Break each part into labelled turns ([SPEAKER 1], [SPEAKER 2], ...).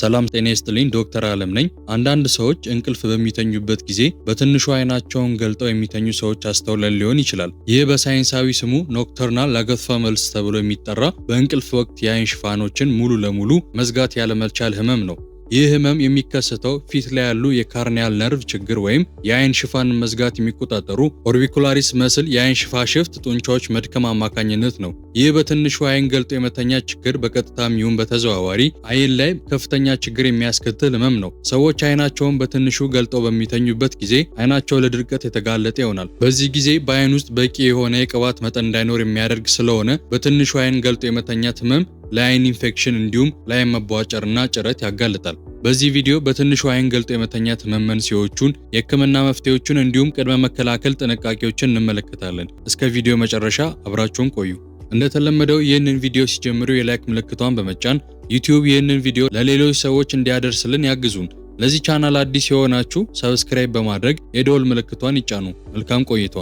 [SPEAKER 1] ሰላም ጤና ይስጥልኝ። ዶክተር አለም ነኝ። አንዳንድ ሰዎች እንቅልፍ በሚተኙበት ጊዜ በትንሹ አይናቸውን ገልጠው የሚተኙ ሰዎች አስተውለን ሊሆን ይችላል። ይህ በሳይንሳዊ ስሙ ኖክተርናል ላገፋ መልስ ተብሎ የሚጠራ በእንቅልፍ ወቅት የአይን ሽፋኖችን ሙሉ ለሙሉ መዝጋት ያለመቻል ህመም ነው። ይህ ህመም የሚከሰተው ፊት ላይ ያሉ የካርኒያል ነርቭ ችግር ወይም የአይን ሽፋን መዝጋት የሚቆጣጠሩ ኦርቢኩላሪስ መስል የአይን ሽፋሽፍት ጡንቻዎች መድከም አማካኝነት ነው። ይህ በትንሹ አይን ገልጦ የመተኛ ችግር በቀጥታም ይሁን በተዘዋዋሪ አይን ላይ ከፍተኛ ችግር የሚያስከትል ህመም ነው። ሰዎች አይናቸውን በትንሹ ገልጠው በሚተኙበት ጊዜ አይናቸው ለድርቀት የተጋለጠ ይሆናል። በዚህ ጊዜ በአይን ውስጥ በቂ የሆነ የቅባት መጠን እንዳይኖር የሚያደርግ ስለሆነ በትንሹ አይን ገልጦ የመተኛት ህመም ለአይን ኢንፌክሽን እንዲሁም ለአይን መቧጨርና ጭረት ያጋልጣል። በዚህ ቪዲዮ በትንሹ አይን ገልጦ የመተኛት መመንስኤዎቹን፣ የህክምና መፍትሄዎቹን እንዲሁም ቅድመ መከላከል ጥንቃቄዎችን እንመለከታለን። እስከ ቪዲዮ መጨረሻ አብራችሁን ቆዩ። እንደተለመደው ይህንን ቪዲዮ ሲጀምሩ የላይክ ምልክቷን በመጫን ዩቲዩብ ይህንን ቪዲዮ ለሌሎች ሰዎች እንዲያደርስልን ያግዙን። ለዚህ ቻናል አዲስ የሆናችሁ ሰብስክራይብ በማድረግ የደወል ምልክቷን ይጫኑ። መልካም ቆይቷ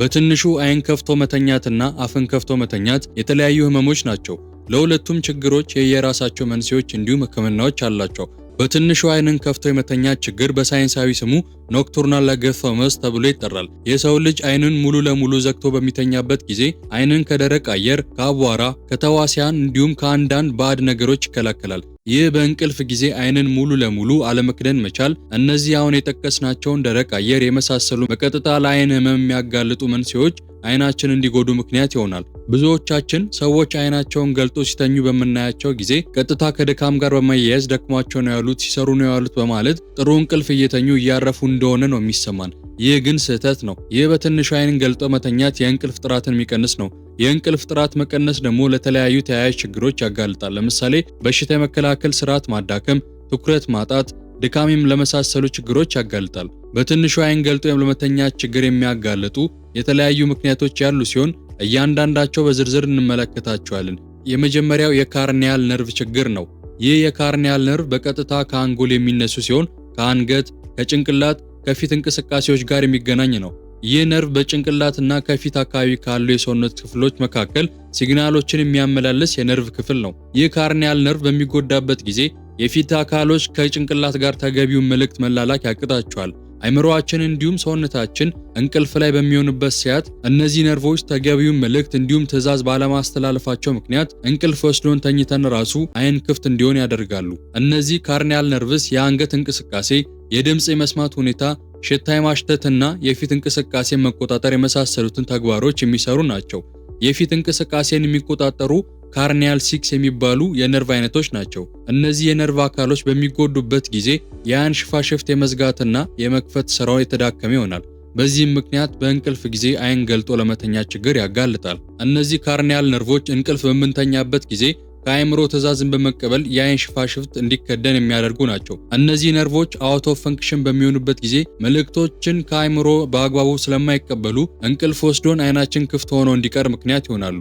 [SPEAKER 1] በትንሹ አይን ከፍቶ መተኛትና አፍን ከፍቶ መተኛት የተለያዩ ህመሞች ናቸው። ለሁለቱም ችግሮች የየራሳቸው መንስኤዎች እንዲሁም ህክምናዎች አላቸው። በትንሹ አይንን ከፍቶ የመተኛት ችግር በሳይንሳዊ ስሙ ኖክቱርናል ለገፈመስ ተብሎ ይጠራል። የሰው ልጅ አይንን ሙሉ ለሙሉ ዘግቶ በሚተኛበት ጊዜ አይንን ከደረቅ አየር፣ ከአቧራ፣ ከተዋሲያን እንዲሁም ከአንዳንድ ባዕድ ነገሮች ይከላከላል። ይህ በእንቅልፍ ጊዜ አይንን ሙሉ ለሙሉ አለመክደን መቻል እነዚህ አሁን የጠቀስናቸውን ደረቅ አየር የመሳሰሉ በቀጥታ ለአይን ህመም የሚያጋልጡ መንስኤዎች አይናችን እንዲጎዱ ምክንያት ይሆናል። ብዙዎቻችን ሰዎች አይናቸውን ገልጦ ሲተኙ በምናያቸው ጊዜ ቀጥታ ከድካም ጋር በመያያዝ ደክሟቸው ነው ያሉት፣ ሲሰሩ ነው ያሉት በማለት ጥሩ እንቅልፍ እየተኙ እያረፉ እንደሆነ ነው የሚሰማን። ይህ ግን ስህተት ነው። ይህ በትንሹ አይንን ገልጦ መተኛት የእንቅልፍ ጥራትን የሚቀንስ ነው። የእንቅልፍ ጥራት መቀነስ ደግሞ ለተለያዩ ተያያዥ ችግሮች ያጋልጣል። ለምሳሌ በሽታ የመከላከል ስርዓት ማዳከም፣ ትኩረት ማጣት፣ ድካሜም ለመሳሰሉ ችግሮች ያጋልጣል። በትንሹ አይን ገልጦ ለመተኛት ችግር የሚያጋልጡ የተለያዩ ምክንያቶች ያሉ ሲሆን እያንዳንዳቸው በዝርዝር እንመለከታቸዋለን። የመጀመሪያው የካርኒያል ነርቭ ችግር ነው። ይህ የካርኒያል ነርቭ በቀጥታ ከአንጎል የሚነሱ ሲሆን ከአንገት፣ ከጭንቅላት ከፊት እንቅስቃሴዎች ጋር የሚገናኝ ነው። ይህ ነርቭ በጭንቅላትና ከፊት አካባቢ ካሉ የሰውነት ክፍሎች መካከል ሲግናሎችን የሚያመላልስ የነርቭ ክፍል ነው። ይህ ካርኒያል ነርቭ በሚጎዳበት ጊዜ የፊት አካሎች ከጭንቅላት ጋር ተገቢውን መልእክት መላላክ ያቅጣቸዋል። አይምሮአችን እንዲሁም ሰውነታችን እንቅልፍ ላይ በሚሆንበት ሰዓት እነዚህ ነርቮች ተገቢውን መልእክት እንዲሁም ትዕዛዝ ባለማስተላለፋቸው ምክንያት እንቅልፍ ወስዶን ተኝተን ራሱ አይን ክፍት እንዲሆን ያደርጋሉ። እነዚህ ካርኒያል ነርቭስ የአንገት እንቅስቃሴ፣ የድምፅ የመስማት ሁኔታ፣ ሽታ የማሽተትና የፊት እንቅስቃሴ መቆጣጠር የመሳሰሉትን ተግባሮች የሚሰሩ ናቸው። የፊት እንቅስቃሴን የሚቆጣጠሩ ካርኒያል ሲክስ የሚባሉ የነርቭ አይነቶች ናቸው። እነዚህ የነርቭ አካሎች በሚጎዱበት ጊዜ የአይን ሽፋሽፍት የመዝጋትና የመክፈት ስራው የተዳከመ ይሆናል። በዚህም ምክንያት በእንቅልፍ ጊዜ አይን ገልጦ ለመተኛ ችግር ያጋልጣል። እነዚህ ካርኒያል ነርቮች እንቅልፍ በምንተኛበት ጊዜ ከአእምሮ ትዕዛዝን በመቀበል የአይን ሽፋሽፍት እንዲከደን የሚያደርጉ ናቸው። እነዚህ ነርቮች አውቶ ፈንክሽን በሚሆኑበት ጊዜ መልእክቶችን ከአእምሮ በአግባቡ ስለማይቀበሉ እንቅልፍ ወስዶን አይናችን ክፍት ሆኖ እንዲቀር ምክንያት ይሆናሉ።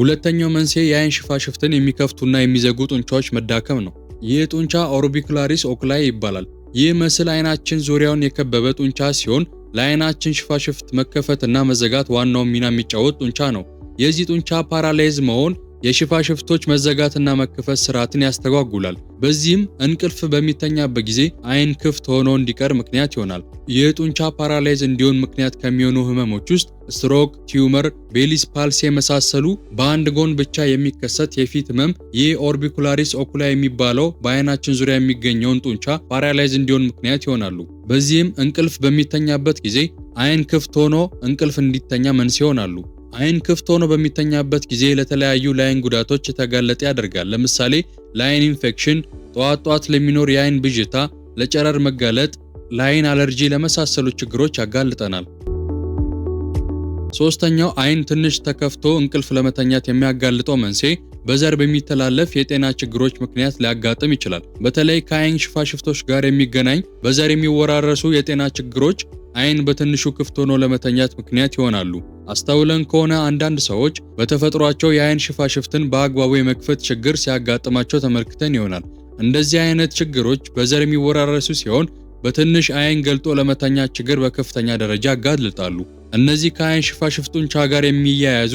[SPEAKER 1] ሁለተኛው መንስኤ የአይን ሽፋሽፍትን የሚከፍቱና የሚዘጉ ጡንቻዎች መዳከም ነው። ይህ ጡንቻ ኦርቢኩላሪስ ኦክላይ ይባላል። ይህ ምስል አይናችን ዙሪያውን የከበበ ጡንቻ ሲሆን ለአይናችን ሽፋሽፍት መከፈትና መዘጋት ዋናውን ሚና የሚጫወት ጡንቻ ነው። የዚህ ጡንቻ ፓራላይዝ መሆን የሽፋሽፍቶች መዘጋትና መከፈት ስርዓትን ያስተጓጉላል። በዚህም እንቅልፍ በሚተኛበት ጊዜ አይን ክፍት ሆኖ እንዲቀር ምክንያት ይሆናል። የጡንቻ ፓራላይዝ እንዲሆን ምክንያት ከሚሆኑ ህመሞች ውስጥ ስትሮክ፣ ቲዩመር፣ ቤሊስ ፓልስ የመሳሰሉ በአንድ ጎን ብቻ የሚከሰት የፊት ህመም፣ ይህ ኦርቢኩላሪስ ኦኩላ የሚባለው በአይናችን ዙሪያ የሚገኘውን ጡንቻ ፓራላይዝ እንዲሆን ምክንያት ይሆናሉ። በዚህም እንቅልፍ በሚተኛበት ጊዜ አይን ክፍት ሆኖ እንቅልፍ እንዲተኛ መንስኤ ይሆናሉ። አይን ክፍት ሆኖ በሚተኛበት ጊዜ ለተለያዩ ለአይን ጉዳቶች የተጋለጠ ያደርጋል። ለምሳሌ ለአይን ኢንፌክሽን፣ ጠዋት ጠዋት ለሚኖር የአይን ብዥታ፣ ለጨረር መጋለጥ፣ ለአይን አለርጂ ለመሳሰሉ ችግሮች ያጋልጠናል። ሶስተኛው አይን ትንሽ ተከፍቶ እንቅልፍ ለመተኛት የሚያጋልጠው መንስኤ በዘር በሚተላለፍ የጤና ችግሮች ምክንያት ሊያጋጥም ይችላል። በተለይ ከአይን ሽፋሽፍቶች ጋር የሚገናኝ በዘር የሚወራረሱ የጤና ችግሮች አይን በትንሹ ክፍት ሆኖ ለመተኛት ምክንያት ይሆናሉ። አስተውለን ከሆነ አንዳንድ ሰዎች በተፈጥሯቸው የአይን ሽፋሽፍትን በአግባቡ የመክፈት ችግር ሲያጋጥማቸው ተመልክተን ይሆናል። እንደዚህ አይነት ችግሮች በዘር የሚወራረሱ ሲሆን በትንሽ አይን ገልጦ ለመተኛት ችግር በከፍተኛ ደረጃ ያጋልጣሉ። እነዚህ ከአይን ሽፋሽፍቱንቻ ጋር የሚያያዙ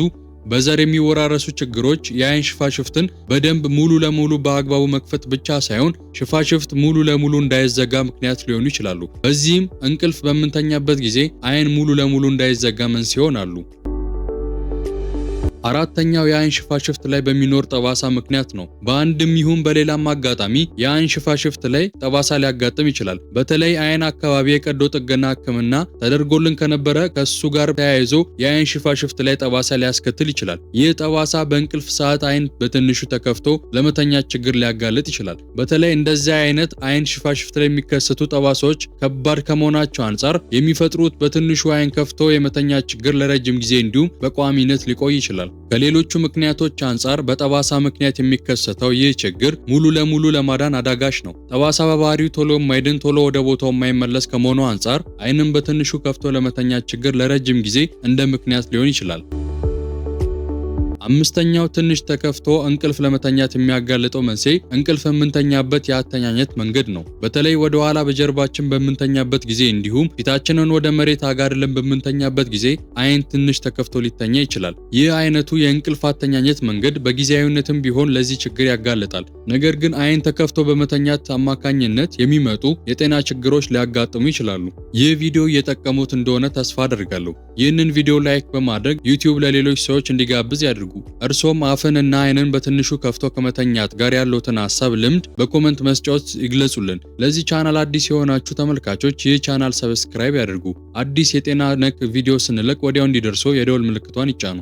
[SPEAKER 1] በዘር የሚወራረሱ ችግሮች የአይን ሽፋሽፍትን በደንብ ሙሉ ለሙሉ በአግባቡ መክፈት ብቻ ሳይሆን ሽፋሽፍት ሙሉ ለሙሉ እንዳይዘጋ ምክንያት ሊሆኑ ይችላሉ። በዚህም እንቅልፍ በምንተኛበት ጊዜ አይን ሙሉ ለሙሉ እንዳይዘጋ መንስኤ ይሆናሉ። አራተኛው የአይን ሽፋሽፍት ላይ በሚኖር ጠባሳ ምክንያት ነው። በአንድም ይሁን በሌላም አጋጣሚ የአይን ሽፋሽፍት ላይ ጠባሳ ሊያጋጥም ይችላል። በተለይ አይን አካባቢ የቀዶ ጥገና ሕክምና ተደርጎልን ከነበረ ከሱ ጋር ተያይዞ የአይን ሽፋሽፍት ላይ ጠባሳ ሊያስከትል ይችላል። ይህ ጠባሳ በእንቅልፍ ሰዓት አይን በትንሹ ተከፍቶ ለመተኛት ችግር ሊያጋልጥ ይችላል። በተለይ እንደዚህ አይነት አይን ሽፋሽፍት ላይ የሚከሰቱ ጠባሳዎች ከባድ ከመሆናቸው አንጻር የሚፈጥሩት በትንሹ አይን ከፍቶ የመተኛት ችግር ለረጅም ጊዜ እንዲሁም በቋሚነት ሊቆይ ይችላል። ከሌሎቹ ምክንያቶች አንጻር በጠባሳ ምክንያት የሚከሰተው ይህ ችግር ሙሉ ለሙሉ ለማዳን አዳጋሽ ነው። ጠባሳ በባህሪው ቶሎ የማይድን ቶሎ ወደ ቦታው የማይመለስ ከመሆኑ አንጻር ዓይንን በትንሹ ከፍቶ ለመተኛት ችግር ለረጅም ጊዜ እንደ ምክንያት ሊሆን ይችላል። አምስተኛው ትንሽ ተከፍቶ እንቅልፍ ለመተኛት የሚያጋልጠው መንስኤ እንቅልፍ የምንተኛበት የአተኛኘት መንገድ ነው። በተለይ ወደ ኋላ በጀርባችን በምንተኛበት ጊዜ እንዲሁም ፊታችንን ወደ መሬት አጋድለን በምንተኛበት ጊዜ አይን ትንሽ ተከፍቶ ሊተኛ ይችላል። ይህ አይነቱ የእንቅልፍ አተኛኘት መንገድ በጊዜያዊነትም ቢሆን ለዚህ ችግር ያጋልጣል። ነገር ግን አይን ተከፍቶ በመተኛት አማካኝነት የሚመጡ የጤና ችግሮች ሊያጋጥሙ ይችላሉ። ይህ ቪዲዮ እየጠቀሙት እንደሆነ ተስፋ አደርጋለሁ። ይህንን ቪዲዮ ላይክ በማድረግ ዩቲዩብ ለሌሎች ሰዎች እንዲጋብዝ ያድርጉ። እርሶም እና አይንን በትንሹ ከፍቶ ከመተኛት ጋር ያለዎትን ሀሳብ ልምድ በኮመንት መስጫዎች ይግለጹልን። ለዚህ ቻናል አዲስ የሆናችሁ ተመልካቾች ይህ ቻናል ሰብስክራይብ ያድርጉ። አዲስ የጤና ነክ ቪዲዮ ስንለቅ ወዲያው እንዲደርሶ የደወል ምልክቷን ይጫኑ።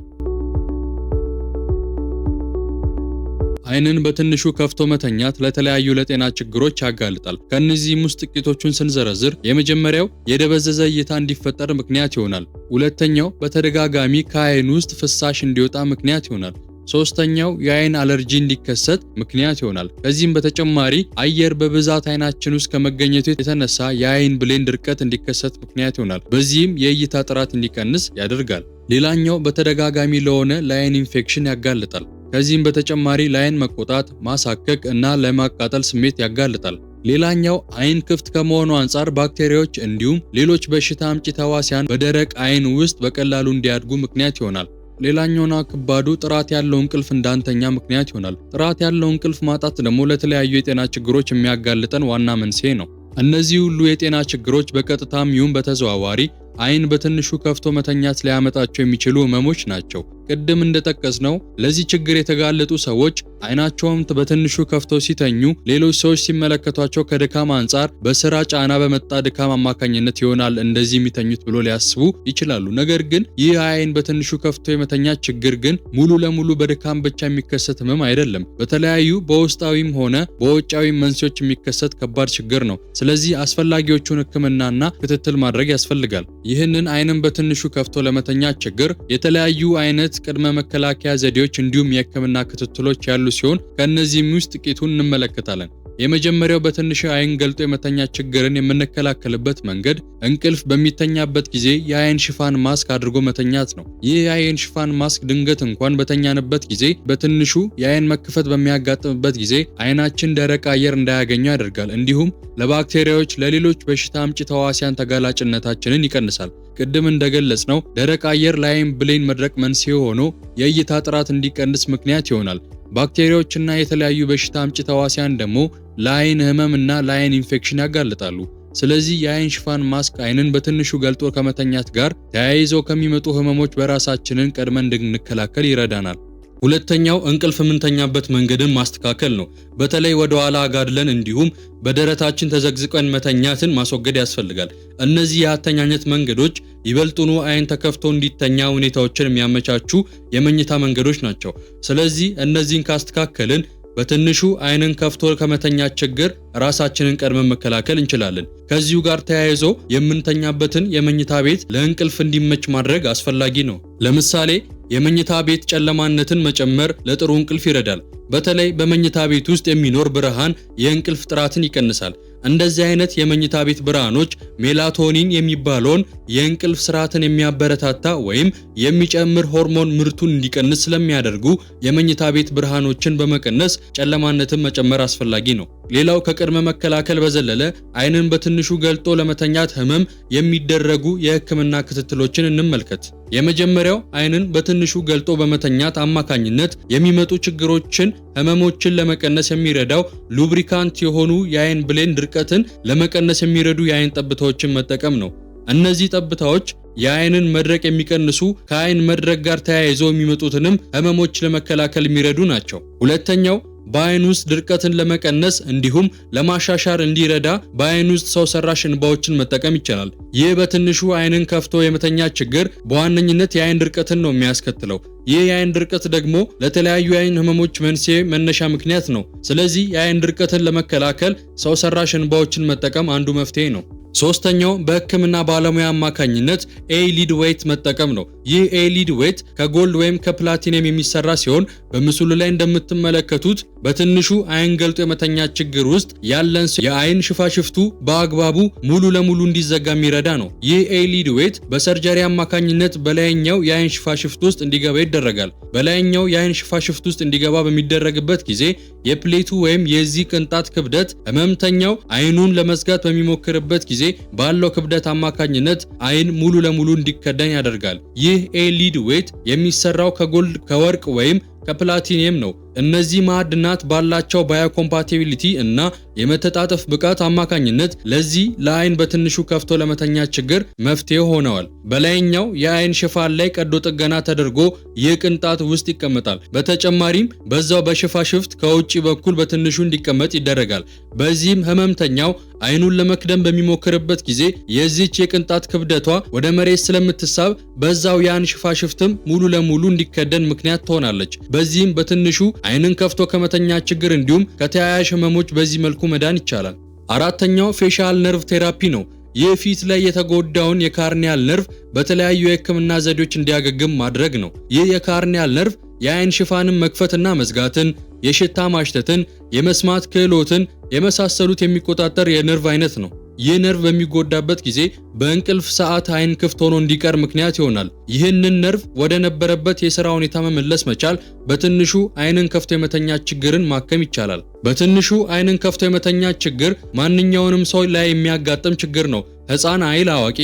[SPEAKER 1] አይንን በትንሹ ከፍቶ መተኛት ለተለያዩ ለጤና ችግሮች ያጋልጣል። ከእነዚህም ውስጥ ጥቂቶቹን ስንዘረዝር የመጀመሪያው የደበዘዘ እይታ እንዲፈጠር ምክንያት ይሆናል። ሁለተኛው በተደጋጋሚ ከአይን ውስጥ ፍሳሽ እንዲወጣ ምክንያት ይሆናል። ሶስተኛው የአይን አለርጂ እንዲከሰት ምክንያት ይሆናል። ከዚህም በተጨማሪ አየር በብዛት አይናችን ውስጥ ከመገኘቱ የተነሳ የአይን ብሌን ድርቀት እንዲከሰት ምክንያት ይሆናል። በዚህም የእይታ ጥራት እንዲቀንስ ያደርጋል። ሌላኛው በተደጋጋሚ ለሆነ ለአይን ኢንፌክሽን ያጋልጣል። ከዚህም በተጨማሪ ለአይን መቆጣት፣ ማሳከክ እና ለማቃጠል ስሜት ያጋልጣል። ሌላኛው አይን ክፍት ከመሆኑ አንጻር ባክቴሪያዎች እንዲሁም ሌሎች በሽታ አምጪ ተዋሲያን በደረቅ አይን ውስጥ በቀላሉ እንዲያድጉ ምክንያት ይሆናል። ሌላኛውና ከባዱ ጥራት ያለው እንቅልፍ እንዳንተኛ ምክንያት ይሆናል። ጥራት ያለው እንቅልፍ ማጣት ደግሞ ለተለያዩ የጤና ችግሮች የሚያጋልጠን ዋና መንስኤ ነው። እነዚህ ሁሉ የጤና ችግሮች በቀጥታም ይሁን በተዘዋዋሪ አይን በትንሹ ከፍቶ መተኛት ሊያመጣቸው የሚችሉ ህመሞች ናቸው። ቅድም እንደጠቀስነው ለዚህ ችግር የተጋለጡ ሰዎች አይናቸውም በትንሹ ከፍቶ ሲተኙ ሌሎች ሰዎች ሲመለከቷቸው ከድካም አንጻር በስራ ጫና በመጣ ድካም አማካኝነት ይሆናል እንደዚህ የሚተኙት ብሎ ሊያስቡ ይችላሉ። ነገር ግን ይህ አይን በትንሹ ከፍቶ የመተኛት ችግር ግን ሙሉ ለሙሉ በድካም ብቻ የሚከሰት ህመም አይደለም። በተለያዩ በውስጣዊም ሆነ በውጫዊ መንስኤዎች የሚከሰት ከባድ ችግር ነው። ስለዚህ አስፈላጊዎቹን ህክምናና ክትትል ማድረግ ያስፈልጋል። ይህንን አይንን በትንሹ ከፍቶ ለመተኛ ችግር የተለያዩ አይነት ቅድመ መከላከያ ዘዴዎች እንዲሁም የህክምና ክትትሎች ያሉ ሲሆን ከእነዚህም ውስጥ ጥቂቱን እንመለከታለን። የመጀመሪያው በትንሹ አይን ገልጦ የመተኛ ችግርን የምንከላከልበት መንገድ እንቅልፍ በሚተኛበት ጊዜ የአይን ሽፋን ማስክ አድርጎ መተኛት ነው። ይህ የአይን ሽፋን ማስክ ድንገት እንኳን በተኛንበት ጊዜ በትንሹ የአይን መክፈት በሚያጋጥምበት ጊዜ አይናችን ደረቅ አየር እንዳያገኙ ያደርጋል። እንዲሁም ለባክቴሪያዎች፣ ለሌሎች በሽታ አምጪ ተዋሲያን ተጋላጭነታችንን ይቀንሳል። ቅድም እንደገለጽ ነው ደረቅ አየር ለአይን ብሌን መድረቅ መንስኤ ሆኖ የእይታ ጥራት እንዲቀንስ ምክንያት ይሆናል። ባክቴሪያዎችና የተለያዩ በሽታ አምጪ ተዋሲያን ደግሞ ለአይን ህመም እና ለአይን ኢንፌክሽን ያጋልጣሉ። ስለዚህ የአይን ሽፋን ማስክ አይንን በትንሹ ገልጦ ከመተኛት ጋር ተያይዘው ከሚመጡ ህመሞች በራሳችንን ቀድመን እንድንከላከል ይረዳናል። ሁለተኛው እንቅልፍ የምንተኛበት መንገድን ማስተካከል ነው። በተለይ ወደ ኋላ አጋድለን እንዲሁም በደረታችን ተዘግዝቀን መተኛትን ማስወገድ ያስፈልጋል። እነዚህ የአተኛኘት መንገዶች ይበልጡኑ አይን ተከፍቶ እንዲተኛ ሁኔታዎችን የሚያመቻቹ የመኝታ መንገዶች ናቸው። ስለዚህ እነዚህን ካስተካከልን በትንሹ አይንን ከፍቶ ከመተኛት ችግር ራሳችንን ቀድመን መከላከል እንችላለን። ከዚሁ ጋር ተያይዞ የምንተኛበትን የመኝታ ቤት ለእንቅልፍ እንዲመች ማድረግ አስፈላጊ ነው። ለምሳሌ የመኝታ ቤት ጨለማነትን መጨመር ለጥሩ እንቅልፍ ይረዳል። በተለይ በመኝታ ቤት ውስጥ የሚኖር ብርሃን የእንቅልፍ ጥራትን ይቀንሳል። እንደዚህ አይነት የመኝታ ቤት ብርሃኖች ሜላቶኒን የሚባለውን የእንቅልፍ ስርዓትን የሚያበረታታ ወይም የሚጨምር ሆርሞን ምርቱን እንዲቀንስ ስለሚያደርጉ የመኝታ ቤት ብርሃኖችን በመቀነስ ጨለማነትን መጨመር አስፈላጊ ነው። ሌላው ከቅድመ መከላከል በዘለለ አይንን በትንሹ ገልጦ ለመተኛት ህመም የሚደረጉ የህክምና ክትትሎችን እንመልከት። የመጀመሪያው አይንን በትንሹ ገልጦ በመተኛት አማካኝነት የሚመጡ ችግሮችን፣ ህመሞችን ለመቀነስ የሚረዳው ሉብሪካንት የሆኑ የአይን ብሌን ድርቀትን ለመቀነስ የሚረዱ የአይን ጠብታዎችን መጠቀም ነው። እነዚህ ጠብታዎች የአይንን መድረቅ የሚቀንሱ ከአይን መድረቅ ጋር ተያይዘው የሚመጡትንም ህመሞች ለመከላከል የሚረዱ ናቸው። ሁለተኛው በአይን ውስጥ ድርቀትን ለመቀነስ እንዲሁም ለማሻሻር እንዲረዳ በአይን ውስጥ ሰው ሰራሽ እንባዎችን መጠቀም ይቻላል። ይህ በትንሹ አይንን ከፍቶ የመተኛ ችግር በዋነኝነት የአይን ድርቀትን ነው የሚያስከትለው። ይህ የአይን ድርቀት ደግሞ ለተለያዩ የአይን ህመሞች መንስኤ መነሻ ምክንያት ነው። ስለዚህ የአይን ድርቀትን ለመከላከል ሰው ሰራሽ እንባዎችን መጠቀም አንዱ መፍትሄ ነው። ሶስተኛው በህክምና ባለሙያ አማካኝነት ኤሊድ ዌት መጠቀም ነው። ይህ ኤሊድ ዌት ከጎልድ ወይም ከፕላቲኒየም የሚሰራ ሲሆን በምስሉ ላይ እንደምትመለከቱት በትንሹ አይን ገልጦ የመተኛ ችግር ውስጥ ያለን የአይን ሽፋሽፍቱ በአግባቡ ሙሉ ለሙሉ እንዲዘጋ የሚረዳ ነው። ይህ ኤሊድ ዌት በሰርጀሪ አማካኝነት በላይኛው የአይን ሽፋሽፍት ውስጥ እንዲገባ ይደረጋል። በላይኛው የአይን ሽፋሽፍት ውስጥ እንዲገባ በሚደረግበት ጊዜ የፕሌቱ ወይም የዚህ ቅንጣት ክብደት ህመምተኛው አይኑን ለመዝጋት በሚሞክርበት ጊዜ ጊዜ ባለው ክብደት አማካኝነት አይን ሙሉ ለሙሉ እንዲከደን ያደርጋል። ይህ ኤሊድ ዌት የሚሰራው ከጎልድ ከወርቅ ወይም ከፕላቲኒየም ነው። እነዚህ ማዕድናት ባላቸው ባዮኮምፓቲቢሊቲ እና የመተጣጠፍ ብቃት አማካኝነት ለዚህ ለአይን በትንሹ ከፍቶ ለመተኛ ችግር መፍትሄ ሆነዋል። በላይኛው የአይን ሽፋን ላይ ቀዶ ጥገና ተደርጎ ይህ ቅንጣት ውስጥ ይቀመጣል። በተጨማሪም በዛው በሽፋሽፍት ከውጭ በኩል በትንሹ እንዲቀመጥ ይደረጋል። በዚህም ህመምተኛው አይኑን ለመክደም በሚሞክርበት ጊዜ የዚች የቅንጣት ክብደቷ ወደ መሬት ስለምትሳብ በዛው የአይን ሽፋሽፍትም ሙሉ ለሙሉ እንዲከደን ምክንያት ትሆናለች። በዚህም በትንሹ አይንን ከፍቶ ከመተኛ ችግር እንዲሁም ከተያያዥ ህመሞች በዚህ መልኩ መዳን ይቻላል። አራተኛው ፌሻል ነርቭ ቴራፒ ነው። ይህ ፊት ላይ የተጎዳውን የካርኒያል ነርቭ በተለያዩ የህክምና ዘዴዎች እንዲያገግም ማድረግ ነው። ይህ የካርኒያል ነርቭ የአይን ሽፋንን መክፈትና መዝጋትን፣ የሽታ ማሽተትን፣ የመስማት ክህሎትን የመሳሰሉት የሚቆጣጠር የነርቭ አይነት ነው። ይህ ነርቭ በሚጎዳበት ጊዜ በእንቅልፍ ሰዓት አይን ክፍት ሆኖ እንዲቀር ምክንያት ይሆናል። ይህንን ነርቭ ወደ ነበረበት የሥራ ሁኔታ መመለስ መቻል በትንሹ አይንን ከፍቶ የመተኛት ችግርን ማከም ይቻላል። በትንሹ አይንን ከፍቶ የመተኛት ችግር ማንኛውንም ሰው ላይ የሚያጋጥም ችግር ነው። ሕፃን አይል አዋቂ፣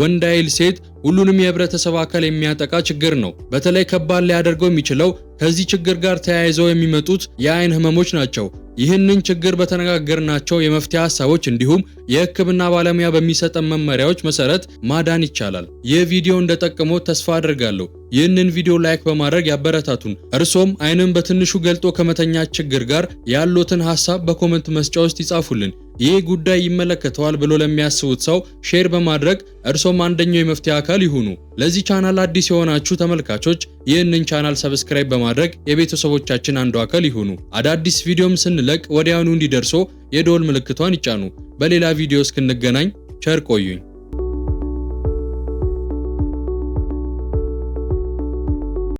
[SPEAKER 1] ወንድ አይል ሴት፣ ሁሉንም የህብረተሰብ አካል የሚያጠቃ ችግር ነው። በተለይ ከባድ ሊያደርገው የሚችለው ከዚህ ችግር ጋር ተያይዘው የሚመጡት የአይን ህመሞች ናቸው። ይህንን ችግር በተነጋገርናቸው የመፍትሄ ሀሳቦች እንዲሁም የህክምና ባለሙያ በሚሰጠን መመሪያዎች መሰረት ማዳን ይቻላል። ይህ ቪዲዮ እንደጠቀመ ተስፋ አድርጋለሁ። ይህንን ቪዲዮ ላይክ በማድረግ ያበረታቱን። እርሶም አይንን በትንሹ ገልጦ ከመተኛት ችግር ጋር ያሉትን ሀሳብ በኮመንት መስጫ ውስጥ ይጻፉልን። ይህ ጉዳይ ይመለከተዋል ብሎ ለሚያስቡት ሰው ሼር በማድረግ እርሶም አንደኛው የመፍትሄ አካል ይሁኑ። ለዚህ ቻናል አዲስ የሆናችሁ ተመልካቾች ይህንን ቻናል ሰብስክራይብ በማድረግ የቤተሰቦቻችን አንዱ አካል ይሁኑ። አዳዲስ ቪዲዮም ስንለቅ ወዲያውኑ እንዲደርሶ የደወል ምልክቷን ይጫኑ። በሌላ ቪዲዮ እስክንገናኝ ቸር ቆዩኝ።